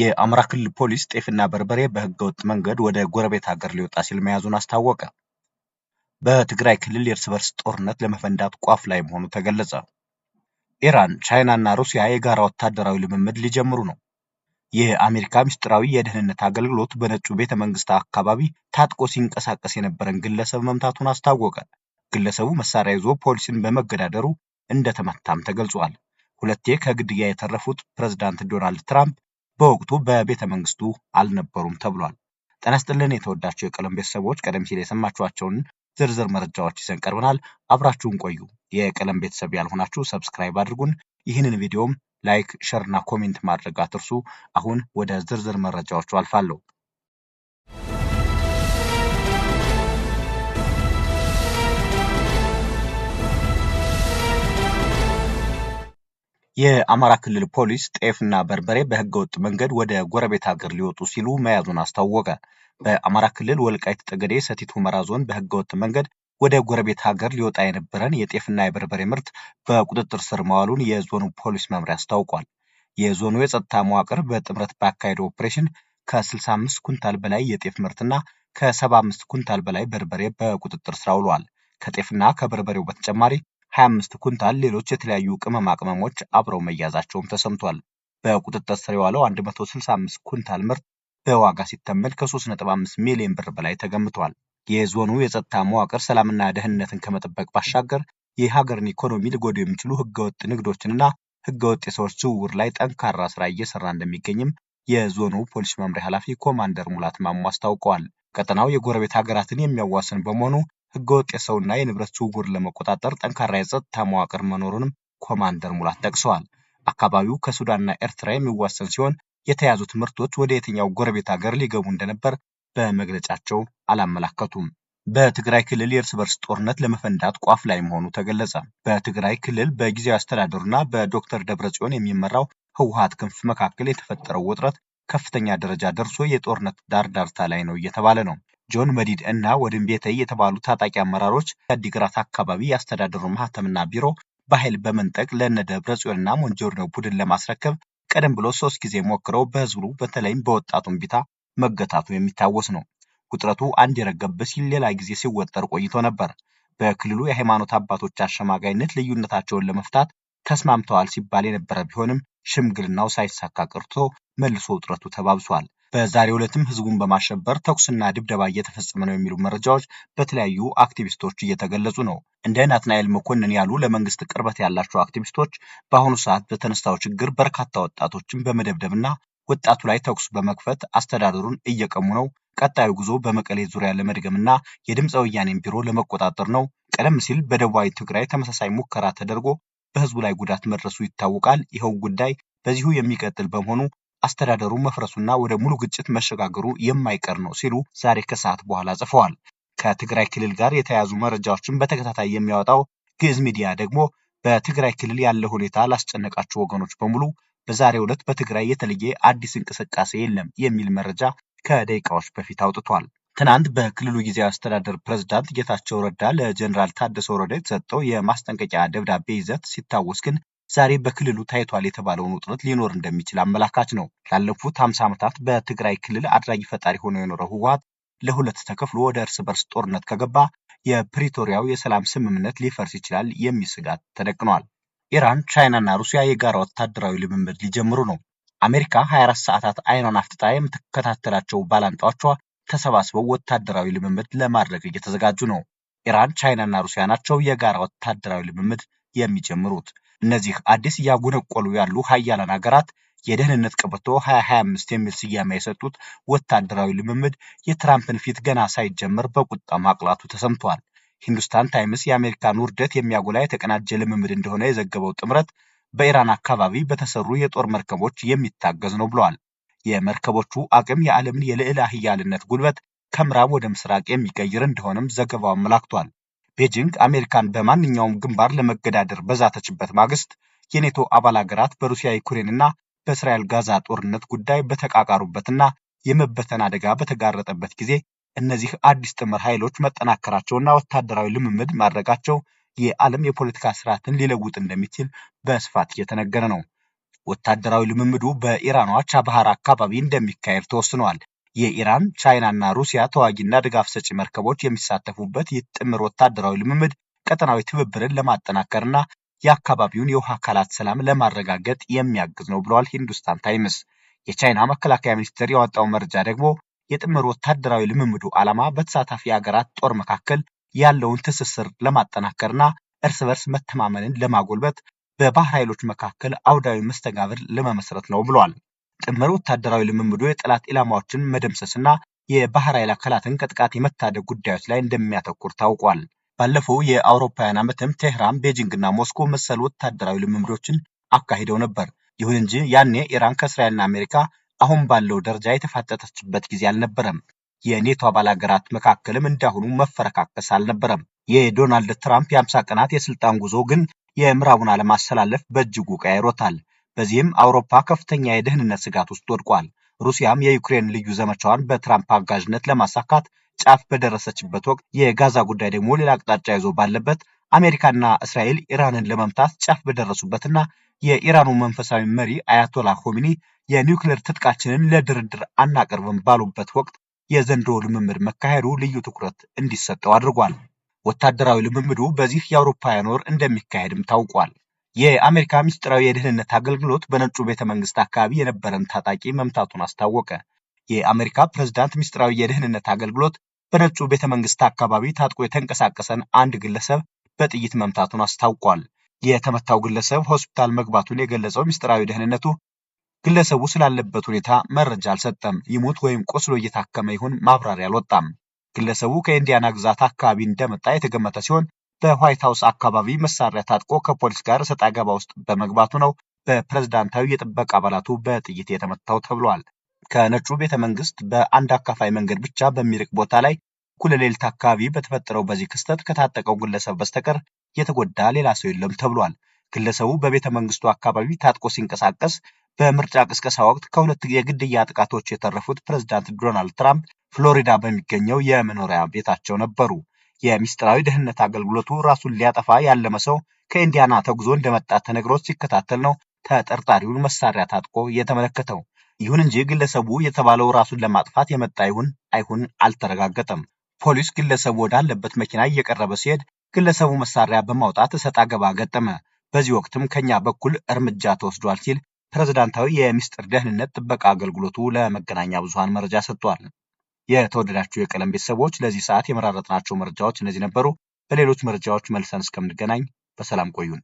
የአማራ ክልል ፖሊስ ጤፍና በርበሬ በህገወጥ መንገድ ወደ ጎረቤት ሀገር ሊወጣ ሲል መያዙን አስታወቀ። በትግራይ ክልል የእርስ በርስ ጦርነት ለመፈንዳት ቋፍ ላይ መሆኑ ተገለጸ። ኢራን፣ እና ሩሲያ የጋራ ወታደራዊ ልምምድ ሊጀምሩ ነው። የአሜሪካ ምስጢራዊ የደህንነት አገልግሎት በነጩ ቤተ መንግስት አካባቢ ታጥቆ ሲንቀሳቀስ የነበረን ግለሰብ መምታቱን አስታወቀ። ግለሰቡ መሳሪያ ይዞ ፖሊስን በመገዳደሩ እንደተመታም ተገልጿል። ሁለቴ ከግድያ የተረፉት ፕሬዝዳንት ዶናልድ ትራምፕ በወቅቱ በቤተ መንግስቱ አልነበሩም ተብሏል። ጠነስጥልን የተወዳቸው የቀለም ቤተሰቦች ቀደም ሲል የሰማችኋቸውን ዝርዝር መረጃዎች ይዘን ቀርበናል። አብራችሁን ቆዩ። የቀለም ቤተሰብ ያልሆናችሁ ሰብስክራይብ አድርጉን። ይህንን ቪዲዮም ላይክ፣ ሸርና ኮሜንት ማድረግ አትርሱ። አሁን ወደ ዝርዝር መረጃዎቹ አልፋለሁ። የአማራ ክልል ፖሊስ ጤፍና በርበሬ በህገወጥ መንገድ ወደ ጎረቤት ሀገር ሊወጡ ሲሉ መያዙን አስታወቀ። በአማራ ክልል ወልቃይት ጠገዴ፣ ሰቲት ሁመራ ዞን በህገወጥ መንገድ ወደ ጎረቤት ሀገር ሊወጣ የነበረን የጤፍና የበርበሬ ምርት በቁጥጥር ስር መዋሉን የዞኑ ፖሊስ መምሪያ አስታውቋል። የዞኑ የጸጥታ መዋቅር በጥምረት ባካሄደው ኦፕሬሽን ከ65 ኩንታል በላይ የጤፍ ምርትና ከ75 ኩንታል በላይ በርበሬ በቁጥጥር ስር አውሏል። ከጤፍና ከበርበሬው በተጨማሪ 25 ኩንታል ሌሎች የተለያዩ ቅመማ ቅመሞች አብረው መያዛቸውም ተሰምቷል። በቁጥጥር ስር የዋለው 165 ኩንታል ምርት በዋጋ ሲተመን ከ3.5 ሚሊዮን ብር በላይ ተገምቷል። የዞኑ የጸጥታ መዋቅር ሰላምና ደህንነትን ከመጠበቅ ባሻገር የሀገርን ኢኮኖሚ ሊጎዱ የሚችሉ ህገወጥ ንግዶችንና ህገወጥ የሰዎች ዝውውር ላይ ጠንካራ ስራ እየሰራ እንደሚገኝም የዞኑ ፖሊስ መምሪያ ኃላፊ ኮማንደር ሙላት ማሞ አስታውቀዋል። ቀጠናው የጎረቤት ሀገራትን የሚያዋስን በመሆኑ ህገወጥ የሰውና የንብረት ዝውውር ለመቆጣጠር ጠንካራ የጸጥታ መዋቅር መኖሩንም ኮማንደር ሙላት ጠቅሰዋል። አካባቢው ከሱዳንና ኤርትራ የሚዋሰን ሲሆን የተያዙት ምርቶች ወደ የትኛው ጎረቤት ሀገር ሊገቡ እንደነበር በመግለጫቸው አላመላከቱም። በትግራይ ክልል የእርስ በርስ ጦርነት ለመፈንዳት ቋፍ ላይ መሆኑ ተገለጸ። በትግራይ ክልል በጊዜያዊ አስተዳደሩና በዶክተር ደብረጽዮን የሚመራው ህወሀት ክንፍ መካከል የተፈጠረው ውጥረት ከፍተኛ ደረጃ ደርሶ የጦርነት ዳርዳርታ ላይ ነው እየተባለ ነው። ጆን መዲድ እና ወድን ቤተይ የተባሉ ታጣቂ አመራሮች የአዲግራት አካባቢ የአስተዳደሩ ማህተምና ቢሮ በኃይል በመንጠቅ ለነደብረ ጽዮንና ሞንጆርኖ ቡድን ለማስረከብ ቀደም ብሎ ሶስት ጊዜ ሞክረው በህዝቡ በተለይም በወጣቱ እምቢታ መገታቱ የሚታወስ ነው። ውጥረቱ አንድ የረገብ ሲል ሌላ ጊዜ ሲወጠር ቆይቶ ነበር። በክልሉ የሃይማኖት አባቶች አሸማጋይነት ልዩነታቸውን ለመፍታት ተስማምተዋል ሲባል የነበረ ቢሆንም ሽምግልናው ሳይሳካ ቀርቶ መልሶ ውጥረቱ ተባብሷል። በዛሬው ዕለትም ህዝቡን በማሸበር ተኩስና ድብደባ እየተፈጸመ ነው የሚሉ መረጃዎች በተለያዩ አክቲቪስቶች እየተገለጹ ነው። እንደ ናትናኤል መኮንን ያሉ ለመንግስት ቅርበት ያላቸው አክቲቪስቶች በአሁኑ ሰዓት በተነሳው ችግር በርካታ ወጣቶችን በመደብደብና ወጣቱ ላይ ተኩስ በመክፈት አስተዳደሩን እየቀሙ ነው። ቀጣዩ ጉዞ በመቀሌ ዙሪያ ለመድገምና የድምፀ ወያኔን ቢሮ ለመቆጣጠር ነው። ቀደም ሲል በደቡባዊ ትግራይ ተመሳሳይ ሙከራ ተደርጎ በህዝቡ ላይ ጉዳት መድረሱ ይታወቃል። ይኸው ጉዳይ በዚሁ የሚቀጥል በመሆኑ አስተዳደሩ መፍረሱና ወደ ሙሉ ግጭት መሸጋገሩ የማይቀር ነው ሲሉ ዛሬ ከሰዓት በኋላ ጽፈዋል። ከትግራይ ክልል ጋር የተያያዙ መረጃዎችን በተከታታይ የሚያወጣው ግዕዝ ሚዲያ ደግሞ በትግራይ ክልል ያለ ሁኔታ ላስጨነቃቸው ወገኖች በሙሉ በዛሬው ዕለት በትግራይ የተለየ አዲስ እንቅስቃሴ የለም የሚል መረጃ ከደቂቃዎች በፊት አውጥቷል። ትናንት በክልሉ ጊዜያዊ አስተዳደር ፕሬዝዳንት ጌታቸው ረዳ ለጀኔራል ታደሰ ወረደ የተሰጠው የማስጠንቀቂያ ደብዳቤ ይዘት ሲታወስ ግን ዛሬ በክልሉ ታይቷል የተባለውን ውጥረት ሊኖር እንደሚችል አመላካች ነው። ላለፉት 50 ዓመታት በትግራይ ክልል አድራጊ ፈጣሪ ሆኖ የኖረው ህወሓት ለሁለት ተከፍሎ ወደ እርስ በርስ ጦርነት ከገባ የፕሪቶሪያው የሰላም ስምምነት ሊፈርስ ይችላል የሚል ስጋት ተደቅኗል። ኢራን፣ ቻይናና ሩሲያ የጋራ ወታደራዊ ልምምድ ሊጀምሩ ነው። አሜሪካ 24 ሰዓታት አይኗን አፍጥጣ የምትከታተላቸው ባላንጣዎቿ ተሰባስበው ወታደራዊ ልምምድ ለማድረግ እየተዘጋጁ ነው። ኢራን፣ ቻይናና ሩሲያ ናቸው የጋራ ወታደራዊ ልምምድ የሚጀምሩት። እነዚህ አዲስ እያጎነቆሉ ያሉ ሀያላን ሀገራት የደህንነት ቀበቶ 2025 የሚል ስያሜ የሰጡት ወታደራዊ ልምምድ የትራምፕን ፊት ገና ሳይጀምር በቁጣ ማቅላቱ ተሰምቷል። ሂንዱስታን ታይምስ የአሜሪካን ውርደት የሚያጎላ የተቀናጀ ልምምድ እንደሆነ የዘገበው ጥምረት በኢራን አካባቢ በተሰሩ የጦር መርከቦች የሚታገዝ ነው ብለዋል። የመርከቦቹ አቅም የዓለምን የልዕለ ኃያልነት ጉልበት ከምዕራብ ወደ ምስራቅ የሚቀይር እንደሆነም ዘገባው አመላክቷል። ቤጂንግ አሜሪካን በማንኛውም ግንባር ለመገዳደር በዛተችበት ማግስት የኔቶ አባል አገራት በሩሲያ ዩክሬንና በእስራኤል ጋዛ ጦርነት ጉዳይ በተቃቃሩበትና የመበተን አደጋ በተጋረጠበት ጊዜ እነዚህ አዲስ ጥምር ኃይሎች መጠናከራቸውና ወታደራዊ ልምምድ ማድረጋቸው የዓለም የፖለቲካ ስርዓትን ሊለውጥ እንደሚችል በስፋት እየተነገረ ነው። ወታደራዊ ልምምዱ በኢራኗ ቻባሃር አካባቢ እንደሚካሄድ ተወስኗል። የኢራን፣ ቻይና እና ሩሲያ ተዋጊና ድጋፍ ሰጪ መርከቦች የሚሳተፉበት ይህ ጥምር ወታደራዊ ልምምድ ቀጠናዊ ትብብርን ለማጠናከር እና የአካባቢውን የውሃ አካላት ሰላም ለማረጋገጥ የሚያግዝ ነው ብለዋል ሂንዱስታን ታይምስ። የቻይና መከላከያ ሚኒስቴር ያወጣው መረጃ ደግሞ የጥምር ወታደራዊ ልምምዱ ዓላማ በተሳታፊ ሀገራት ጦር መካከል ያለውን ትስስር ለማጠናከርና እርስ በርስ መተማመንን ለማጎልበት በባህር ኃይሎች መካከል አውዳዊ መስተጋብር ለመመስረት ነው ብሏል። ጭምር ወታደራዊ ልምምዱ የጠላት ኢላማዎችን መደምሰስና የባህር ኃይል አካላትን ከጥቃት የመታደግ ጉዳዮች ላይ እንደሚያተኩር ታውቋል። ባለፈው የአውሮፓውያን ዓመትም ቴህራን፣ እና ሞስኮ መሰል ወታደራዊ ልምምዶችን አካሂደው ነበር። ይሁን እንጂ ያኔ ኢራን ከእስራኤልና አሜሪካ አሁን ባለው ደረጃ የተፋጠጠችበት ጊዜ አልነበረም። የኔቶ አባል ሀገራት መካከልም እንዳሁኑ መፈረካከስ አልነበረም። የዶናልድ ትራምፕ የአምሳ ቀናት የስልጣን ጉዞ ግን የምዕራቡን ዓለም አሰላለፍ በእጅጉ ቀያይሮታል። በዚህም አውሮፓ ከፍተኛ የደህንነት ስጋት ውስጥ ወድቋል። ሩሲያም የዩክሬን ልዩ ዘመቻዋን በትራምፕ አጋዥነት ለማሳካት ጫፍ በደረሰችበት ወቅት የጋዛ ጉዳይ ደግሞ ሌላ አቅጣጫ ይዞ ባለበት አሜሪካና እስራኤል ኢራንን ለመምታት ጫፍ በደረሱበትና የኢራኑ መንፈሳዊ መሪ አያቶላ ሆሚኒ የኒውክሌር ትጥቃችንን ለድርድር አናቀርብም ባሉበት ወቅት የዘንድሮ ልምምድ መካሄዱ ልዩ ትኩረት እንዲሰጠው አድርጓል። ወታደራዊ ልምምዱ በዚህ የአውሮፓውያን ወር እንደሚካሄድም ታውቋል። የአሜሪካ ምስጢራዊ የደህንነት አገልግሎት በነጩ ቤተ መንግስት አካባቢ የነበረን ታጣቂ መምታቱን አስታወቀ። የአሜሪካ ፕሬዝዳንት ምስጢራዊ የደህንነት አገልግሎት በነጩ ቤተ መንግስት አካባቢ ታጥቆ የተንቀሳቀሰን አንድ ግለሰብ በጥይት መምታቱን አስታውቋል። የተመታው ግለሰብ ሆስፒታል መግባቱን የገለጸው ምስጢራዊ ደህንነቱ ግለሰቡ ስላለበት ሁኔታ መረጃ አልሰጠም። ይሙት ወይም ቆስሎ እየታከመ ይሁን ማብራሪያ አልወጣም። ግለሰቡ ከኢንዲያና ግዛት አካባቢ እንደመጣ የተገመተ ሲሆን በዋይት ሀውስ አካባቢ መሳሪያ ታጥቆ ከፖሊስ ጋር ሰጣ አገባ ውስጥ በመግባቱ ነው በፕሬዝዳንታዊ የጥበቃ አባላቱ በጥይት የተመታው ተብሏል። ከነጩ ቤተ መንግስት በአንድ አካፋይ መንገድ ብቻ በሚርቅ ቦታ ላይ እኩለ ሌሊት አካባቢ በተፈጠረው በዚህ ክስተት ከታጠቀው ግለሰብ በስተቀር የተጎዳ ሌላ ሰው የለም ተብሏል። ግለሰቡ በቤተ መንግስቱ አካባቢ ታጥቆ ሲንቀሳቀስ በምርጫ ቅስቀሳ ወቅት ከሁለት የግድያ ጥቃቶች የተረፉት ፕሬዝዳንት ዶናልድ ትራምፕ ፍሎሪዳ በሚገኘው የመኖሪያ ቤታቸው ነበሩ። የሚስጥራዊ ደህንነት አገልግሎቱ ራሱን ሊያጠፋ ያለመ ሰው ከኢንዲያና ተጉዞ እንደመጣ ተነግሮት ሲከታተል ነው ተጠርጣሪውን መሳሪያ ታጥቆ የተመለከተው። ይሁን እንጂ ግለሰቡ የተባለው ራሱን ለማጥፋት የመጣ ይሁን አይሁን አልተረጋገጠም። ፖሊስ ግለሰቡ ወዳለበት መኪና እየቀረበ ሲሄድ ግለሰቡ መሳሪያ በማውጣት እሰጥ አገባ ገጠመ። በዚህ ወቅትም ከኛ በኩል እርምጃ ተወስዷል ሲል ፕሬዝዳንታዊ የሚስጥር ደህንነት ጥበቃ አገልግሎቱ ለመገናኛ ብዙሃን መረጃ ሰጥቷል። የተወደዳችሁ የቀለም ቤተሰቦች ለዚህ ሰዓት የመራረጥናቸው መረጃዎች እነዚህ ነበሩ። በሌሎች መረጃዎች መልሰን እስከምንገናኝ በሰላም ቆዩን።